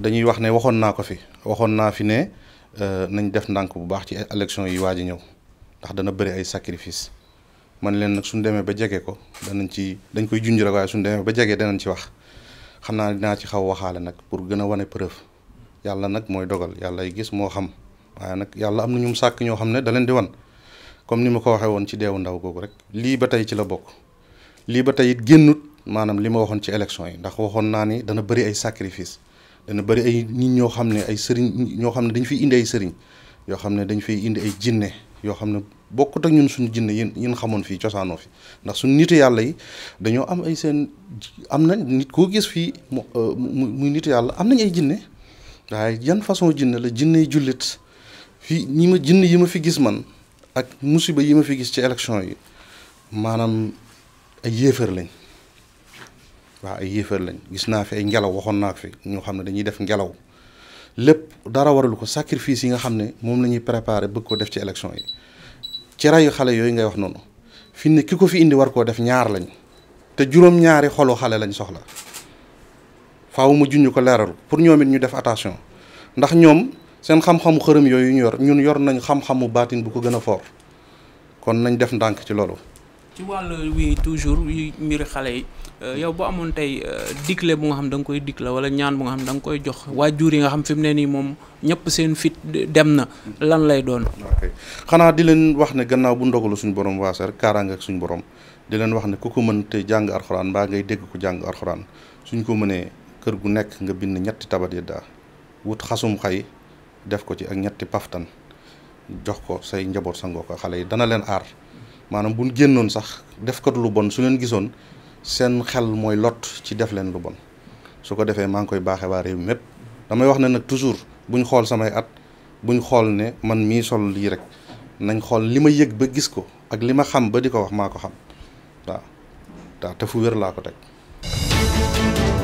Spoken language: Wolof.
dañuy wax ne waxoon naa ko fi waxoon naa fi ne euh, nañ def ndànk bu baax ci élection yi waaj a ñëw ndax dana bëri ay sacrifice man leen nag suñ demee ba jege ko danañ ci dañ koy junj rek waaye demee ba jege danañ ci wax xam naa dinaa ci xaw waxaale nag pour gën a wane preuve yàlla nag mooy dogal yàlla ay gis moo xam waaye nag yàlla am na ñu mu sàkk ñoo xam ne da leen di wan comme ni ma ko waxee woon ci deewu ndaw googu rek lii ba tey ci la bokk lii ba tey it génnut maanaam li ma waxoon ci élection yi ndax waxoon naa ni dana bëri ay sacrifice dana bari ay nit ñoo xam ne ay sëriñ ñoo xam ne dañ fiy indi ay sëriñ yoo xam ne dañ fiy indi ay jinne yoo xam ne bokkut ak ñun suñu jinne yéen yéen xamoon fii cosaanoo fi ndax suñu nitu yàlla yi dañoo am ay seen am na nit koo gis fii euh, mu muy nitu yàlla am nañ ay jinne waaye yan façon jinne la jinne yi fii ñi ma jinne yi ma fi gis man ak musiba yi ma fi gis ci élection yi maanaam ay yéefar lañ waaw ay yéefar lañ gis naa fi ay ngelaw waxoon naa fi ñoo xam ne dañuy def ngelaw lépp dara waralu ko sacrifice yi nga xam ne moom la ñuy préparé bëgg ko def ci élection yi ci rayu xale yooyu ngay wax noonu fi ne ki ko fi indi war koo def ñaar lañ te juróom-ñaari xolu xale lañ soxla faaw ma junj ko leeralu pour ñoom it ñu def attention ndax ñoom seen xam-xamu xërëm yooyu ñu yor ñun yor nañu xam-xamu baatin bu ko gën a foor kon nañ def ndànk ci loolu ci wàllu wi toujours yi mbir xale yi euh, yow boo amoon tey euh, digle bu nga xam da nga koy digle wala ñaan bu nga xam da nga koy jox waajur yi nga xam fi mu ne nii moom ñëpp seen fit dem na lan lay doon. xanaa di leen wax ne gannaaw bu ndogalu suñu borom waase rek kaaraange ak suñu borom di leen wax ne ku ko mën te jàng arxuraan mbaa ngay dégg ko jàng arxuraan suñ ko mënee kër gu nekk nga bind ñetti tabat yi daa wut xasum xay def ko ci ak ñetti paftan jox ko say njaboot sangoo ko xale yi dana leen aar. maanaam bu ñu génnoon sax def ko lu bon su leen gisoon seen xel mooy lot ci def leen lu bon su ko defee maa ngi koy baaxee waa réew mépp damay wax ne nag toujours buñ xool samay at buñ xool ne man mii sol lii rek nañ xool li ma yëg ba gis ko ak li ma xam ba di ko wax maa ko xam waaw waaw te fu wér laa ko teg.